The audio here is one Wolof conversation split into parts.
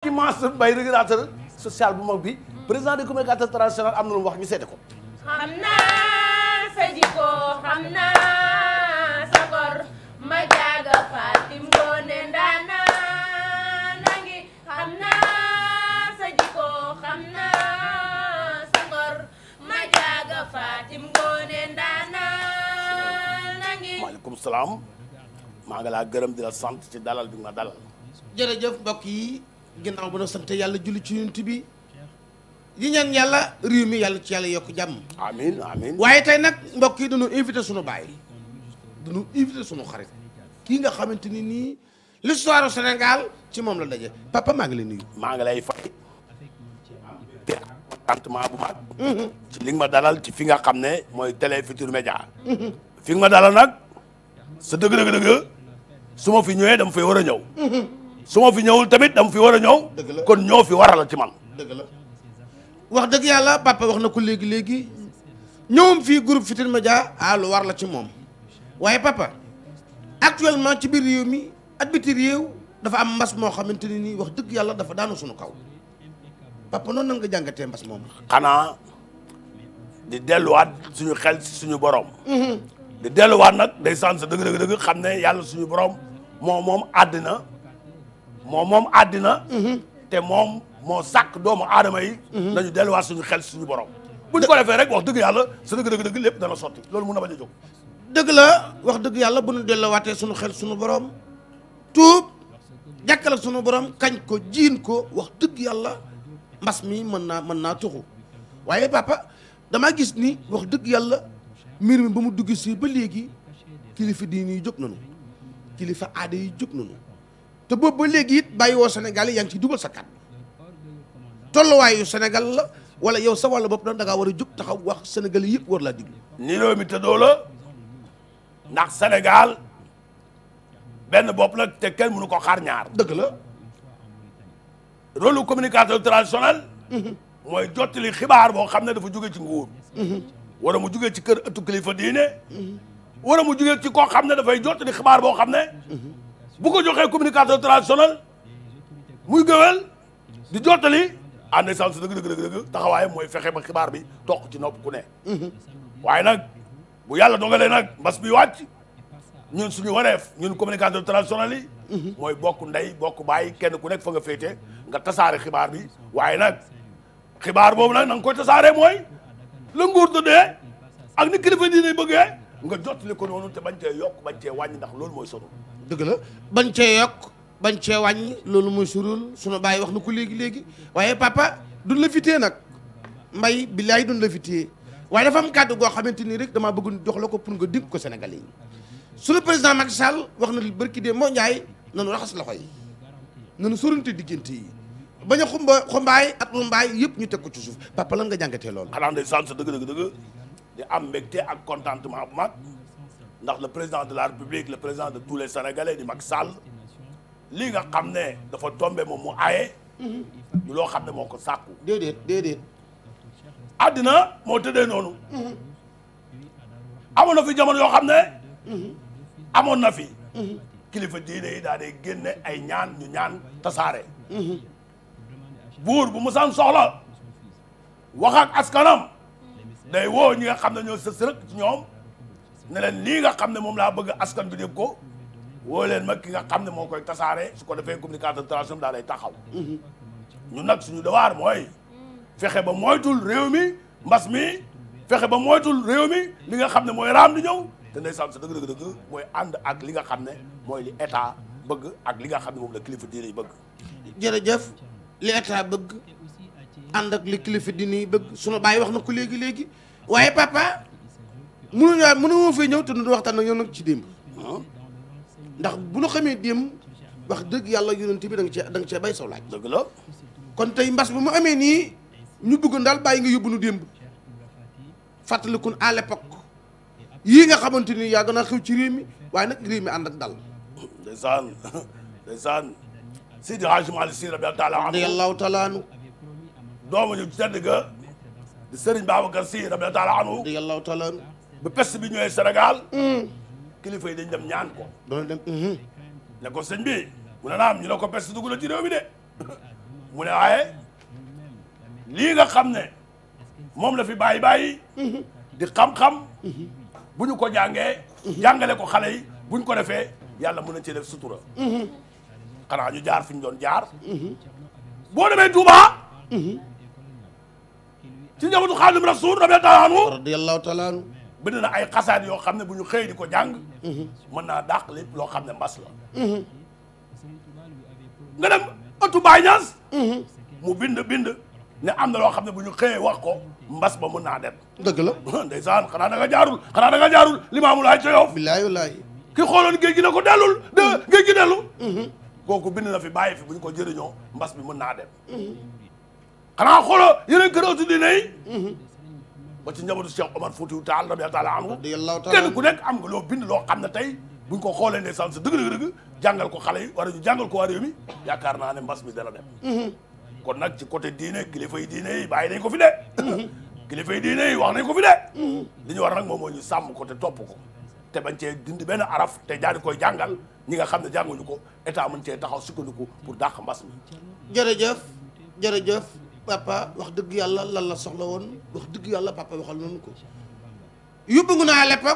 ci Mansour Mbaye social bu mag bi président des communicateurs traditionnels am na lu wax ñu seete ko. xam naa ma jaaga Fatim Ngoone ndaana nangi naa sa jikko xam salaam maa ngi laa gërëm di la sant ci dalal bi nga dalal. jërëjëf mbokk yi. ginnaaw ba noo sant yàlla julli ci yonent bi yi ñaan yàlla réew mi yàlla ci yàlla yokk jàmm amiin amiin waaye tey nag mbokk yi dañu invité sunu bàyyi dañu invité sunu xarit kii nga xamante ni nii l'histoire du ci moom la daje papa maa ngi lay maa ngi lay fay contentement bu mm-hmm. li ma dalal ci fi nga xam ne mooy Télé Futurs Médias mm-hmm. fi nga ma dalal nag sa dëgg-dëgg-dëgg su fi ñëwee dama fay war a ñëw mm-hmm. su ma fi ñëwul tamit dama fi war a ñëw. kon ñoo fi warala ci man. dëgg la wax dëgg yàlla papa wax na ko léegi léegi ñëwum fii groupe Futurs Médias ah lu war la ci moom waaye papa actuellement ci biir réew mi ak biti réew dafa am mbas moo xamante ne nii wax dëgg yàlla dafa daanu suñu kaw papa noonu nan nga jàngatee mbas moom. xanaa di delluwaat suñu xel suñu borom. Mm-hmm. di delluwaat nag day sens dëgg dëgg dëgg xam ne yàlla suñu borom moo moom àddina. moom moom àddina mhm. te moom moo sàkk doomu aadama yi mhm. nañu delluwaat suñu xel suñu borom bu ñu ko defee rek wax dëgg yàlla sa dëgg dëgg dëgg lépp dana sotti loolu mun na bañ a jóg dëgg la wax dëgg yàlla bu ñu delluwaatee suñu xel suñu borom tuub jàkkal la suñu borom kañ ko jiin ko wax dëgg yàlla mbas mi mën naa mën naa tuxu waaye papa damaa gis ni wax dëgg yàlla mbir mi ba mu dugg si ba léegi kilifa diini yi jóg nañu kilifa aada yi jóg nañu te boobu ba léegi it bàyyi woo Sénégal yi ci ngi ciy dugal sa kàddu tolluwaayu Sénégal la wala yow sa wàllu bopp da ngaa war a jug taxaw wax senegal yëpp war la diglu ni réew mi tëddoo la ndax Sénégal benn bopp la te kenn mënu ko xaar ñaar. dëgg la. rôle communicateur traditionnel. mooy jottali xibaar boo xam ne dafa jóge ci nguur. wala mu jóge ci kër ëttu mu jóge ci koo xam ne dafay jottali xibaar boo xam ne. bu ko joxee communicateur traditionnel muy gëwel di jottali en essence dëgg dëgg dëgg taxawaayam mooy fexe ba xibaar bi toq ci nopp ku ne. waaye nag bu yàlla dogalee nag mbas bi wàcc ñun suñu wareef ñun communicateur traditionnel yi. mooy bokk ndey bokk bàyyi kenn ku nekk fa nga féete nga tasaare xibaar bi waaye nag xibaar boobu nag na nga koy tasaaree mooy la nguur dëddee ak ni kilifa diine bëggee nga jottali ko noonu te bañ cee yokk bañ cee wàññi ndax loolu mooy solo. dëgg la bañ cee yokk bañ cee wañ loolu mooy surul sunu bàyyi wax na ko léegi léegi waaye papa duñ la fitee nag mbay billaay duñ la fitee waaye dafa am kàddu goo xamante nii rek damaa bëgg jox la ko pour nga dig ko Sénégalais yi sunu président Macky Sall wax na li barki dee moo njaay noonu raxas loxo yi nanu sorante diggante yi bañ a xumba xumbaay ak rumbaay yëpp ñu teg ko ci suuf papa la nga jàngatee loolu. xanaa ndeysaan dëgg dëgg dëgg am mbégte ak contentement bu ndax le président de la république le président de tous les sénégalais di Macky Sall li nga xam ne dafa tombé moom mu aaye. du loo xam ne moo ko sàkku. déedéet déedéet. àddina moo tëddee noonu. amoon na fi jamono yoo xam ne. amoon na fi. kilifa diine yi daal di génne ay ñaan ñu ñaan tasaare. buur bu mu san soxla. wax ak askanam. day woo ñi nga xam ne ñoo sës rek ñoom. ne leen lii nga xam ne moom laa bëgg askan bi dégg ko woo leen ma ki nga xam ne moo koy tasaare su ko defee communicateur traditionnel daa lay taxaw ñu nag suñu devoir mooy fexe ba moytul réew mi mbas mi fexe ba moytul réew mi li nga xam ne mooy raam lu ñëw te ndeysaan sa dëgg dëgg dëgg mooy ànd ak li nga xam ne mooy li état bëgg ak li nga xam ne moom la kilifa diine yi bëgg jërëjëf li état bëgg ànd ak li kilifa diine yi bëgg sunu bàyyi wax na ko léegi-léegi waaye papa mënuñu waay mënuñu fay ñëw te du waxtaan ak yow nag ci démb ndax bu ñu xamee démb wax dëgg yàlla yonent bi da nga cee da bay saw laaj. la kon tey mbas bu mu amee nii ñu bugg daal bàyyi nga yóbbu nu démb fàttalikun à l'époque yii nga xamante ni yàgg naa xew ci réew mi waaye nag réew mi ànd ak dal. ndeysaan ndeysaan Seydi Hadji Malick Sy radiyallahu taala anhu doomu ñu tedd ga di Serigne Babacar Sy radiyallahu taala anhu bu peste bi ñëwee Sénégal. Hmm. kilifa yi dañ dem ñaan ko. doon hmm. ne ko sëñ bi mu ne naam ñu ne ko peste dugg na ci réew mi de mu ne waaye lii nga xam ne moom la fi bàyyi bàyyi. Hmm. di xam-xam. bu ñu ko jàngee. jàngale ko xale yi bu ñu ko defee yàlla mën na cee def sutura. xanaa jaar fi ñu doon jaar. boo demee Touba. ci njabootu Xaadimu Rasuul radiyallaahu taala anhu. bind na ay xasaat yoo xam ne bu ñu xëy di ko jàng mën naa dàq lépp loo xam ne mbas la nga dem ëttu Baay Ñas mu bind bind ne am na loo xam ne bu ñu xëyee wax ko mbas ba mën naa dem dëgg la ndeysaan xanaa da nga jaarul xanaa da nga jaarul limaamu laay ca Yoof bilaay wallaay ki xooloon géej gi ne ko dellul de géej gi dellu mm-hmm. kooku bind na fi bàyyi fi bu ñu ko jëriñoo mbas bi mën naa dem xanaa xooloo yeneen kër ëttu diine ba ci njabootu Cheikh Omar Foutiyou Tall radiyallahu taala anhu kenn ku nekk am nga loo bind loo xam ne tey buñ ko xoolee ne san sa dëgg-dëgg jàngal ko xale yi wala ñu jàngal ko waa réew mi yaakaar naa ne mbas mi dana dem mhm. kon nag ci côté diine kilifa yi diine yi bàyyi nañ ko fi de mhm. kilifa yi diine yi wax nañ ko fi de mhm. li ñu war nag moom moo ñu sàmm ko te topp ko te bañ cee dindi benn araf te daal di koy jàngal ñi nga xam ne jànguñu ko état mën cee taxaw sukkandiku pour dàq mbas mi jërëjëf jërëjëf papa wax dëgg yàlla lan la soxla woon wax dëgg yàlla papa waxal nañu ko yóbbu ngu naa à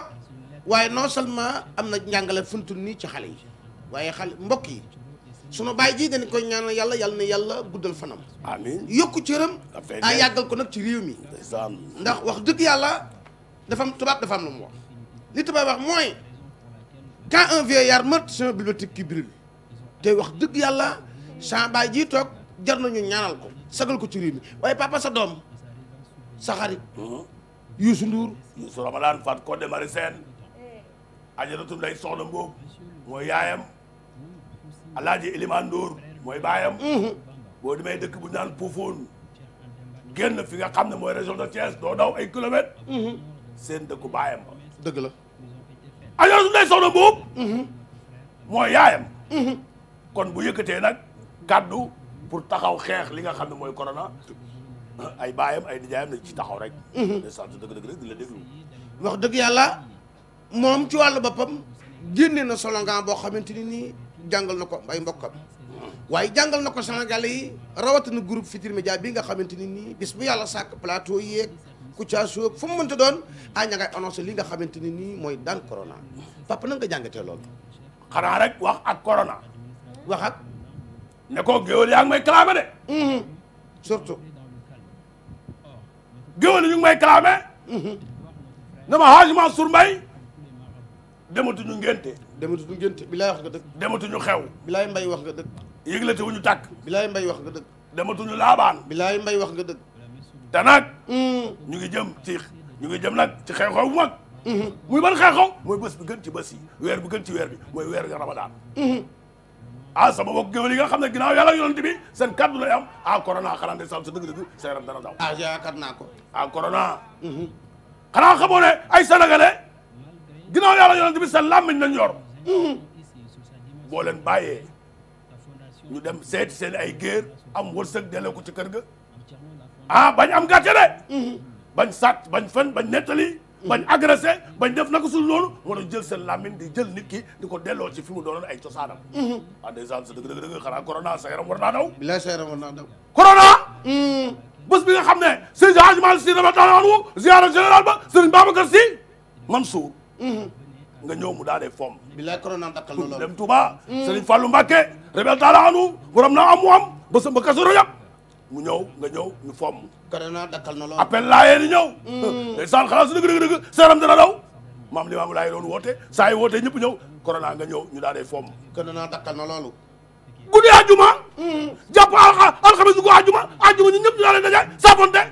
waaye non seulement am na njàngale funtul nii ci xale yi waaye xale mbokk yi sunu baay ji dañ koy ñaanal yàlla yàlla na yàlla guddal fanam. amiin yokku cëram. a ah, yàggal ko nag ci réew mi. ndax wax dëgg yàlla dafa am tubaab dafa am lu mu wax. li tubaab wax mooy quand un vieillard meurt c'est une bibliothèque qui te wax dëgg yàlla sa baay ji toog jar nañu ñaanal ko. sagal ko ci réew mi waaye papa sa doom sa xarit. Youssou Ndour. Youssou Ramadan Fat Codé Marie Sène. Ajaratu Ndeye Soxna Mbow. mooy yaayam. Alaaji Elimane Ndour mooy baayam. boo demee dëkk bu ñu naan Pofoon. génn fi nga xam ne mooy région de Thiès doo daw ay kilomètres. seen dëkku baayam ba. dëgg la. Ajaratu Ndeye Soxna Mbow. mooy yaayam. kon bu yëkkatee nag kaddu. pour taxaw xeex li nga xam ne mooy corona ay baayam ay nijaayam nañ ci taxaw rek. Mhm. de sant dëgg-dëgg rek di la wax dëgg yàlla moom ci wàll boppam génne na solo solongan boo xamante ni jàngal na ko ay mbokkam. waaye jàngal na ko Sénégal yi rawatina groupe Futurs Médias bi nga xamante ni nii bis bu yàlla sàkk plateau yeeg Kouthia Show fu mu mënta doon ah ña ngay annoncé li nga xamante ni nii mooy daan corona papa na nga jàngatee lool xanaa rek wax ak corona. wax ak. ne ko géwél yaa ngi may clamé de. Mhm. surtout. géwél ñu ngi may clamé. Mhm. ne ma Hadj Mansour Mbaye dematuñu ngénte. dematuñu ngénte bilaay wax nga dëgg. dematuñu xew. bilaay mbay wax nga dëgg. yëglate wuñu tàkk. bilaay mbay wax nga dëgg. dematuñu laabaan. bilaay mbay wax nga dëgg. te nag. Mhm. ñu ngi jëm ci ñu ngi jëm nag ci xew mag. muy ban xew-xew. mooy bés bi gën ci bés yi weer bi gën ci weer bi mooy weer nga Ramadan. ah sama bokk géwél yi nga xam ne ginnaaw yàlla yonent bi seen kàddu lay am ah corona xanaa ndeysaan sa dëgg-dëgg sa yaram dana daw. ah yaakaar naa ko. ah mhm. xanaa xamoo ay sénégalais ginnaaw yàlla yonent bi seen làmmiñ lañ yor. Mhm. boo leen bàyyee dem seeti seen ay géer am wërsëg delloo ko ci kër ga ah, bañ am gàcce de. Mhm. bañ sàcc bañ fen bañ nettali. bañ agressé bañ def naka sul loolu war a jël seen lamine di jël nit di ko delloo ci fi mu doonoon ay cosaanam mhm. ah dèjà sa dëgg dëgg dëgg xanaa corona sa yaram war daw bilaay sa yaram war daw corona mhm. bés bi nga xam ne Seydi Hadji Malick Sy dama taanoon wu général ba Serigne Babacar Sy Mansour mhm. nga ñëw mu daadee fom bilaay corona dakkal loolu dem Touba Serigne na am mu am bésam ba kaso rajab mu ñëw nga ñëw ñu fomm. Corona dakkal na lool appel laayee ni ñëw. Mm. ndeysaan xalaat su dëgg dëgg dëgg seeram dana daw. maam li maamu laay loolu woote saa yi woote ñëpp ñëw Corona nga ñëw ñu daal di fomm. Corona dakkal na loolu. guddi àjjuma. Mm. jàpp alxa alxames gu àjjuma àjjuma ñun ñëpp ñu daal di daje saafonte.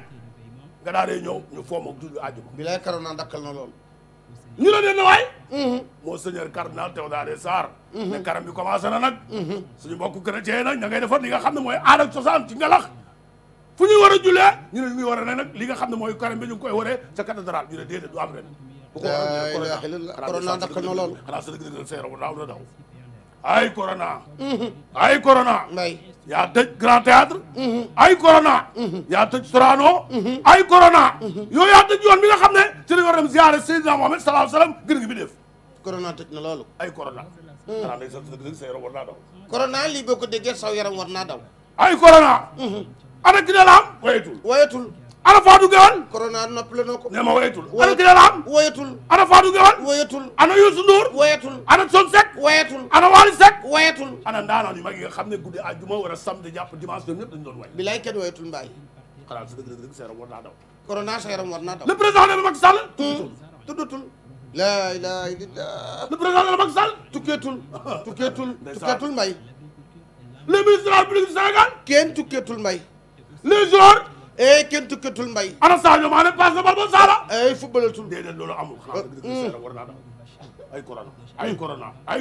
nga daal di ñëw ñu fomm ak julli àjjuma. bi lay Corona dakkal na loolu. ñu la dee na waay. Mm-hmm. monseigneur cardinal Théodore Sarr. Mm-hmm. ne karam bi commencé na nag. Mm-hmm. suñu mbokku chrétien nag ña ngay defar xam ne mooy aada ak ci ngalax fu ñuy war a julee ñu ne ñu ngi nag li nga xam ne mooy carême bi ñu koy waree ca cathédrale ñu ne déedéet du am ren bu ko corona dakk na loolu xanaa sa dëgg-dëgg sa daw ay corona ay corona mbay yaa tëj grand théâtre mhm. ay corona mhm. yaa tëj Sorano mhm. ay corona yooyu yaa tëj yoon bi nga xam ne ci lañ war a dem ziare Seydina Mohamed salaahu salaam gën ngi def corona tëj na ay corona xanaa sa dëgg-dëgg sa yaram war lii boo ko déggee saw naa daw ay corona ana ki ne la am ana Fatou Guewel corona noppale na ko ne ma wayetul ana ki ne la am wayetul ana Fatou Guewel wayetul ana ana Son Seck wayetul ana ana ndaanaan yu mag yi nga xam ne guddi àjjuma war a samedi jàpp dimanche ñoom ñëpp dañu doon way bilaay kenn wayetul mbaay xanaa su dëgg dëgg sa yaram daw corona sa yaram war naa daw le président de Macky Sall hmm. tuddutul laa ilaaha illallaah le président de mbay le mbay le jour. ey eh, kenn tukkatul mbay. ana Sadio Mané passe na bal ba Saala. ey eh, footballatul déedéet loolu amul. xanaa dëgg-dëgg war naa daw ay corona ay corona ay.